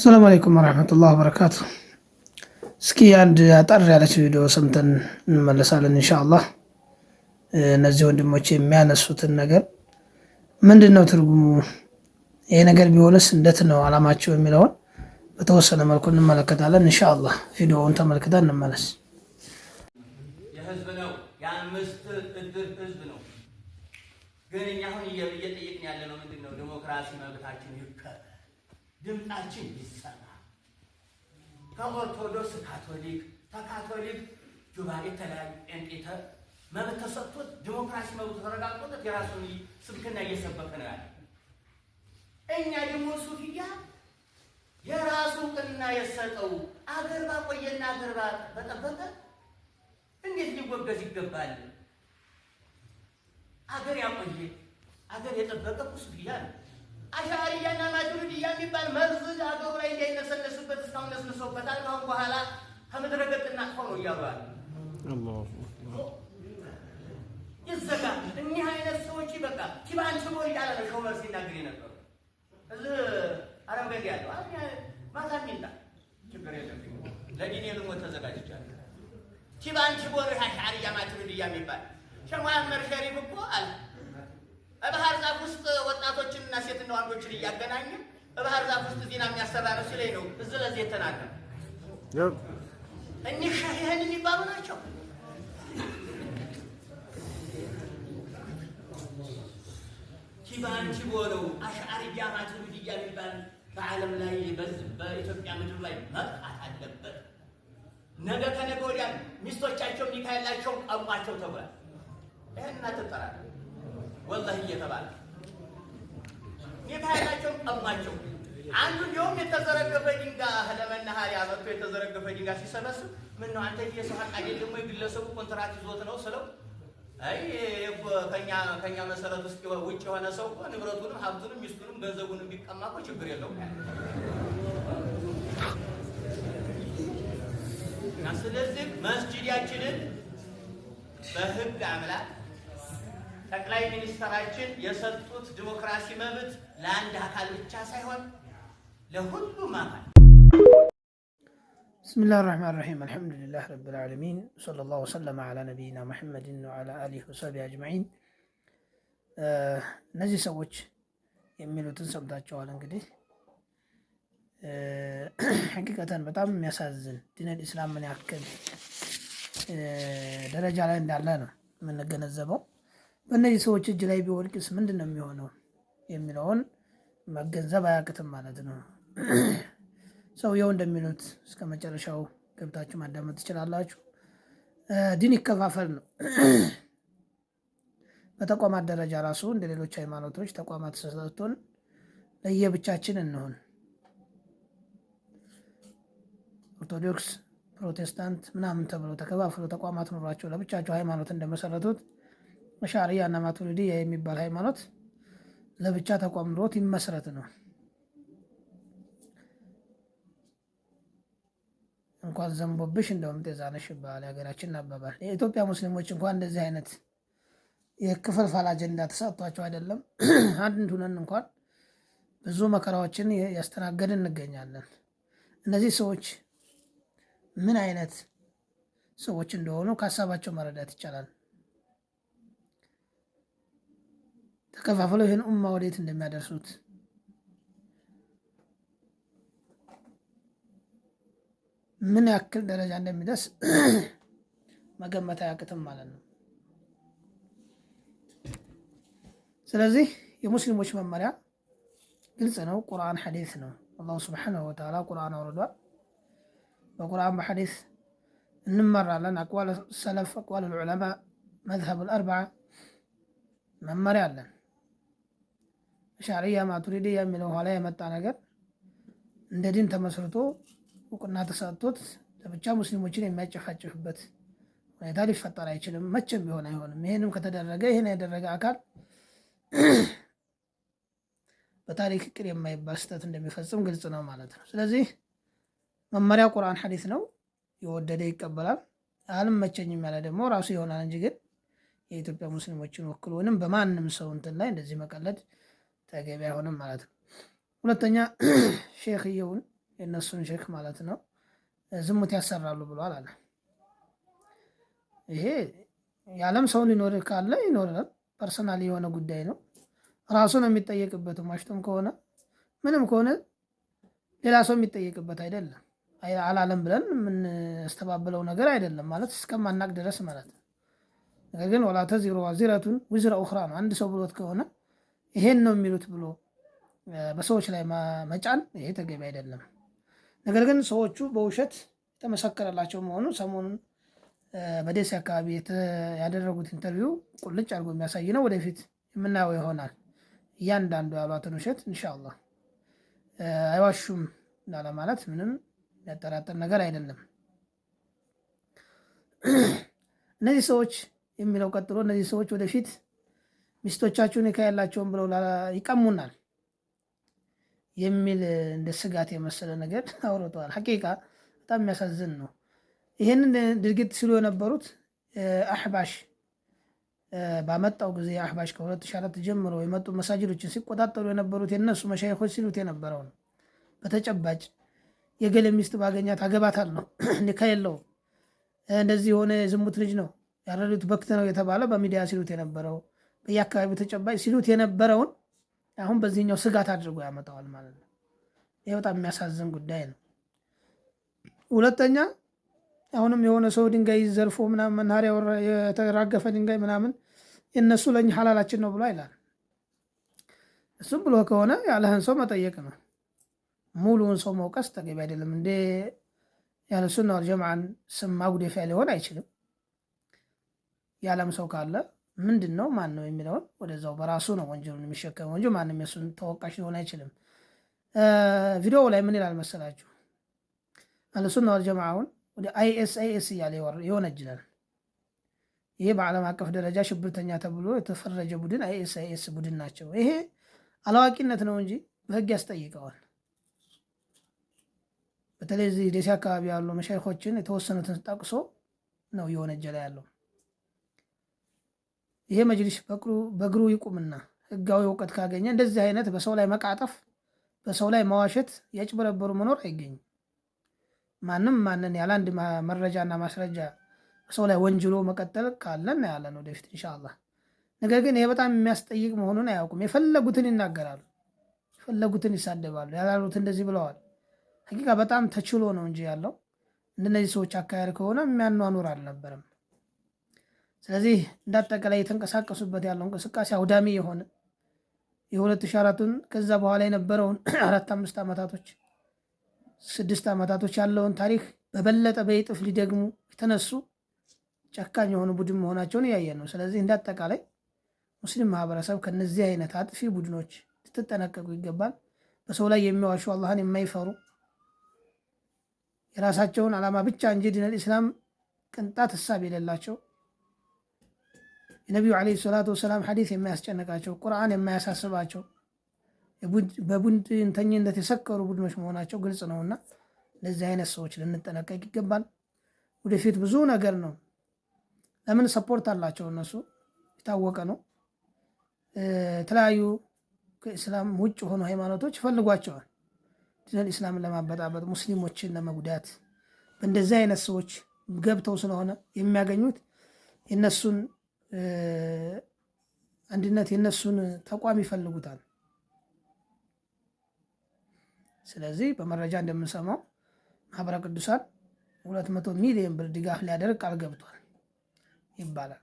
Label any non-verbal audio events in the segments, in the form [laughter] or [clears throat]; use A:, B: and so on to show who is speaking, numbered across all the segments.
A: ሰላም አለይኩም ወረሕመቱላህ ወበረካቱ። እስኪ አንድ አጠር ያለች ቪዲዮ ሰምተን እንመለሳለን ኢንሻአላህ። እነዚህ ወንድሞች የሚያነሱትን ነገር ምንድን ነው ትርጉሙ፣ ይሄ ነገር ቢሆንስ እንደት ነው አላማቸው የሚለውን በተወሰነ መልኩ እንመለከታለን ኢንሻአላህ። ቪዲዮውን ተመልክተን እንመለስ።
B: የህዝብ ነው የአምስት እድር ህዝብ ነው። ግን እኛ አሁን እየጠየቅን ያለ ነው ምንድን ነው ዲሞክራሲ መብታችን ይከበር ድምፃችን ይሰማ። ከኦርቶዶክስ ካቶሊክ፣ ከካቶሊክ ጁባ የተለያዩ ጴንጤተ መብት ተሰጥቶት ዲሞክራሲ መብት ተረጋግጦት የራሱን ስብክና እየሰበከ ነው ያለ። እኛ ደግሞ ሱፍያ የራሱ ቅና የሰጠው አገር ባቆየና አገር በጠበቀ እንዴት ሊወገዝ ይገባል? አገር ያቆየ አገር የጠበቀ ሱፍያ ነው። አሻዕርያና ማቱሪድያ የሚባል መርዝ አገሩ ላይ እንዳይነሰነሱበት እስካሁን ነስንሶበታል። ካሁን በኋላ ከምድረ ገጽ እናጥፋው ነው እያሉ ይዘጋ። እኒህ አይነት ሰዎች በቃ ኪባን ችቦ እያለ ነው ሾመር ሲናገር የነበሩ እዚ አረንገድ ያለው ማታ ሚንጣ ችግር የለም ለዲኔ ልሞት ተዘጋጅቻለሁ። ኪባን ችቦ ነው አሻዕርያ ማቱሪድያ የሚባል ሸህ መሐመድ ሸሪፍ እኮ አለ በባህር ዛፍ ውስጥ ወጣቶችንና ሴትና ወንዶችን እያገናኘ በባህር ዛፍ ውስጥ ዜና የሚያሰራ ነው ሲለኝ ነው እዚህ ለዚህ የተናገር እኒህ ሻሂህን የሚባሉ ናቸው። ቲባን ቲቦለው አሽአሪ ጃማ ትውልድያ የሚባል በዓለም ላይ በኢትዮጵያ ምድር ላይ መጥፋት አለበት። ነገ ከነገ ወዲያ ሚስቶቻቸው የሚካሄላቸው ቋንቋቸው ተብሏል። ይህን እናትጠራለን ወላሂ እየተባለ ጌታ ቀማቸው ጠማቸው። አንዱ እንዲሁም የተዘረገፈ ድንጋይ ለመናኸሪያ መጥቶ የተዘረገፈ ድንጋይ ሲሰበስብ ምን ነው አንተ የሰው ሀቅ አይደለም የግለሰቡ ግለሰቡ ኮንትራት ይዞት ነው ስለው አይ ከኛ መሰረት ውስጥ ውጭ የሆነ ሰው እኮ ንብረቱንም ሀብቱንም ሚስቱንም ገንዘቡንም ቢቀማ እኮ ችግር የለውም። ስለዚህ መስጂዳችንን በህግ አምላክ ጠቅላይ ሚኒስትራችን የሰጡት ዲሞክራሲ መብት ለአንድ አካል ብቻ ሳይሆን ለሁሉም አካል።
A: ብስሚላህ ራህማን ራሒም አልሐምዱሊላህ ረብል ዓለሚን ወሰለላሁ ወሰለመ ዓላ ነቢይና ሙሐመድን ወዓላ አሊሂ ወሰሕቢሂ አጅመዒን። እነዚህ ሰዎች የሚሉትን ሰምታችኋል። እንግዲህ ሐቂቀተን በጣም የሚያሳዝን ዲነል ኢስላም ምን ያክል ደረጃ ላይ እንዳለ ነው የምንገነዘበው። በእነዚህ ሰዎች እጅ ላይ ቢወድቅስ ምንድን ነው የሚሆነው የሚለውን መገንዘብ አያቅትም ማለት ነው። ሰውየው እንደሚሉት እስከ መጨረሻው ገብታችሁ ማዳመጥ ትችላላችሁ። ዲን ይከፋፈል ነው። በተቋማት ደረጃ ራሱ እንደ ሌሎች ሃይማኖቶች ተቋማት ተሰጥቶን ለየብቻችን እንሆን። ኦርቶዶክስ፣ ፕሮቴስታንት ምናምን ተብሎ ተከፋፍሎ ተቋማት ኖሯቸው ለብቻቸው ሃይማኖት እንደመሰረቱት እና ማቱሪዲያ የሚባል ሃይማኖት ለብቻ ተቋም ይመስረት ነው። እንኳን ዘንቦብሽ እንደውም ጤዛነሽ ነሽ ይባላል የሀገራችን አባባል። የኢትዮጵያ ሙስሊሞች እንኳን እንደዚህ አይነት የክፍልፋል አጀንዳ ተሰጥቷቸው አይደለም [clears throat] አንድ ሁነን እንኳን ብዙ መከራዎችን ያስተናገድ እንገኛለን። እነዚህ ሰዎች ምን አይነት ሰዎች እንደሆኑ ከሀሳባቸው መረዳት ይቻላል። تكفافلو هن أمة وديت اندي مادر سوت من أكل درجة اندي مدس ما قمتا يكتم مالن سلازي يمسلم وشم مرا قلت أنه قرآن حديثنا الله سبحانه وتعالى قرآن وردوا وقرآن بحديث نمر على أقوال السلف أقوال العلماء مذهب الأربعة من مرا لنا ሻዕሪያ ማቱሪዲያ የሚለው ኋላ የመጣ ነገር እንደ ዲን ተመስርቶ እውቅና ተሰጥቶት ለብቻ ሙስሊሞችን የሚያጨፋጭፍበት ሁኔታ ሊፈጠር አይችልም። መቼም ቢሆን አይሆንም። ይህንም ከተደረገ ይህን ያደረገ አካል በታሪክ ቅር የማይባል ስህተት እንደሚፈጽም ግልጽ ነው ማለት ነው። ስለዚህ መመሪያ ቁርአን፣ ሐዲስ ነው። የወደደ ይቀበላል። አልም መቸኝም ያለ ደግሞ ራሱ ይሆናል እንጂ ግን የኢትዮጵያ ሙስሊሞችን ወክሎንም በማንም ሰው እንትን ላይ እንደዚህ መቀለድ ተገቢ አይሆንም ማለት ነው። ሁለተኛ [clears throat] ሼክየውን የእነሱን ሼክ ማለት ነው ዝሙት ያሰራሉ ብሏል አለ። ይሄ የዓለም ሰው ሊኖር ካለ ይኖራል። ፐርሰናል የሆነ ጉዳይ ነው። ራሱን የሚጠየቅበት ማሽቶም ከሆነ ምንም ከሆነ ሌላ ሰው የሚጠየቅበት አይደለም። አላለም ብለን የምንስተባበለው ነገር አይደለም ማለት እስከማናቅ ድረስ ማለት ነው። ነገር ግን ወላተ ዚሮ ዋዚረቱን ውዝረ ኡክራ ነው። አንድ ሰው ብሎት ከሆነ ይሄን ነው የሚሉት ብሎ በሰዎች ላይ መጫን ይሄ ተገቢ አይደለም። ነገር ግን ሰዎቹ በውሸት የተመሰከረላቸው መሆኑ ሰሞኑን በደሴ አካባቢ ያደረጉት ኢንተርቪው ቁልጭ አድርጎ የሚያሳይ ነው። ወደፊት የምናየው ይሆናል። እያንዳንዱ ያሏትን ውሸት እንሻላ አይዋሹም ላለማለት ምንም የሚያጠራጥር ነገር አይደለም። እነዚህ ሰዎች የሚለው ቀጥሎ እነዚህ ሰዎች ወደፊት ሚስቶቻችሁን ይካያላቸውን ብለው ይቀሙናል የሚል እንደ ስጋት የመሰለ ነገር [laughs] አውርተዋል። ሀቂቃ በጣም የሚያሳዝን ነው። ይህንን ድርጊት ሲሉ የነበሩት አሕባሽ ባመጣው ጊዜ አሕባሽ ከ2004 ጀምሮ የመጡ መሳጅዶችን ሲቆጣጠሩ የነበሩት የነሱ መሻይኮች ሲሉት የነበረው ነው። በተጨባጭ የገሌ ሚስት ባገኛት አገባታል ነው፣ [clears throat] ኒካ እንደዚህ የሆነ የዝሙት ልጅ ነው፣ ያረዱት በክት ነው የተባለ በሚዲያ ሲሉት የነበረው የአካባቢው ተጨባጭ ሲሉት የነበረውን አሁን በዚህኛው ስጋት አድርጎ ያመጣዋል ማለት ነው። ይህ በጣም የሚያሳዝን ጉዳይ ነው። ሁለተኛ አሁንም የሆነ ሰው ድንጋይ ዘርፎ ምናምን መናኸሪያ የተራገፈ ድንጋይ ምናምን እነሱ ለእኛ ሀላላችን ነው ብሎ አይላል። እሱም ብሎ ከሆነ ያለህን ሰው መጠየቅ ነው። ሙሉውን ሰው መውቀስ ተገቢ አይደለም። እንደ ያለ ሱና ወልጀማዓን ስም ማጉደፊያ ሊሆን አይችልም። ያለም ሰው ካለ ምንድን ነው ማን ነው የሚለውን ወደዛው በራሱ ነው ወንጀሉን የሚሸከመው እንጂ ማንም የሱን ተወቃሽ ሊሆን አይችልም። ቪዲዮው ላይ ምን ይላል መሰላችሁ? አለሱና ወልጀማውን ወደ አይኤስ አይኤስ እያለ ይወነጅላል። ይሄ በዓለም አቀፍ ደረጃ ሽብርተኛ ተብሎ የተፈረጀ ቡድን አይኤስ አይኤስ ቡድን ናቸው። ይሄ አላዋቂነት ነው እንጂ በህግ ያስጠይቀዋል። በተለይ እዚህ ደሴ አካባቢ ያሉ መሻይኮችን የተወሰኑትን ጠቅሶ ነው እየወነጀለ ያለው። ይሄ መጅሊስ በእግሩ ይቁምና ህጋዊ እውቀት ካገኘ እንደዚህ አይነት በሰው ላይ መቃጠፍ፣ በሰው ላይ መዋሸት፣ ያጭበረበሩ መኖር አይገኝም። ማንም ማንን ያለ አንድ መረጃና ማስረጃ በሰው ላይ ወንጅሎ መቀጠል ካለን ያለ ወደፊት ኢንሻአላህ። ነገር ግን ይሄ በጣም የሚያስጠይቅ መሆኑን አያውቁም። የፈለጉትን ይናገራሉ፣ የፈለጉትን ይሳደባሉ። ያላሉት እንደዚህ ብለዋል። ሀቂቃ በጣም ተችሎ ነው እንጂ ያለው እንደነዚህ ሰዎች አካሄድ ከሆነ የሚያኗኑር አልነበረም። ስለዚህ እንዳጠቃላይ የተንቀሳቀሱበት ያለው እንቅስቃሴ አውዳሚ የሆነ የሁለት ሺህ አራቱን ከዛ በኋላ የነበረውን [clears throat] አራት አምስት ዓመታቶች ስድስት ዓመታቶች ያለውን ታሪክ በበለጠ በይጥፍ ሊደግሙ የተነሱ ጨካኝ የሆኑ ቡድን መሆናቸውን እያየን ነው። ስለዚህ እንዳጠቃላይ ሙስሊም ማህበረሰብ ከነዚህ አይነት አጥፊ ቡድኖች ልትጠነቀቁ ይገባል። በሰው ላይ የሚዋሹ አላህን የማይፈሩ የራሳቸውን ዓላማ ብቻ እንጂ ዲነል ኢስላም ቅንጣት ሀሳብ የሌላቸው የነቢዩ ዓለይሂ ሰላቱ ወሰላም ሐዲስ የማያስጨነቃቸው ቁርአን የማያሳስባቸው በቡድንተኝነት የሰከሩ ቡድኖች መሆናቸው ግልጽ ነውና ለዚህ አይነት ሰዎች ልንጠነቀቅ ይገባል። ወደፊት ብዙ ነገር ነው። ለምን ሰፖርት አላቸው እነሱ የታወቀ ነው። የተለያዩ ከእስላም ውጭ የሆኑ ሃይማኖቶች ይፈልጓቸዋል። ዲነል ኢስላምን ለማበጣበጥ፣ ሙስሊሞችን ለመጉዳት በእንደዚህ አይነት ሰዎች ገብተው ስለሆነ የሚያገኙት የእነሱን አንድነት የነሱን ተቋም ይፈልጉታል። ስለዚህ በመረጃ እንደምንሰማው ማህበረ ቅዱሳን ሁለት መቶ ሚሊዮን ብር ድጋፍ ሊያደርግ ቃል ገብቷል ይባላል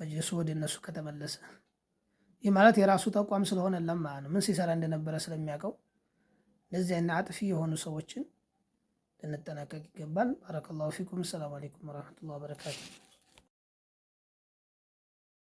A: መጅልሱ ወደ እነሱ ከተመለሰ። ይህ ማለት የራሱ ተቋም ስለሆነ ለማ ነው ምን ሲሰራ እንደነበረ ስለሚያውቀው ለዚህ አይነት አጥፊ የሆኑ ሰዎችን ልንጠናቀቅ ይገባል። ባረከላሁ ፊኩም። ሰላም አለይኩም ወረህመቱላሂ በረካቱ።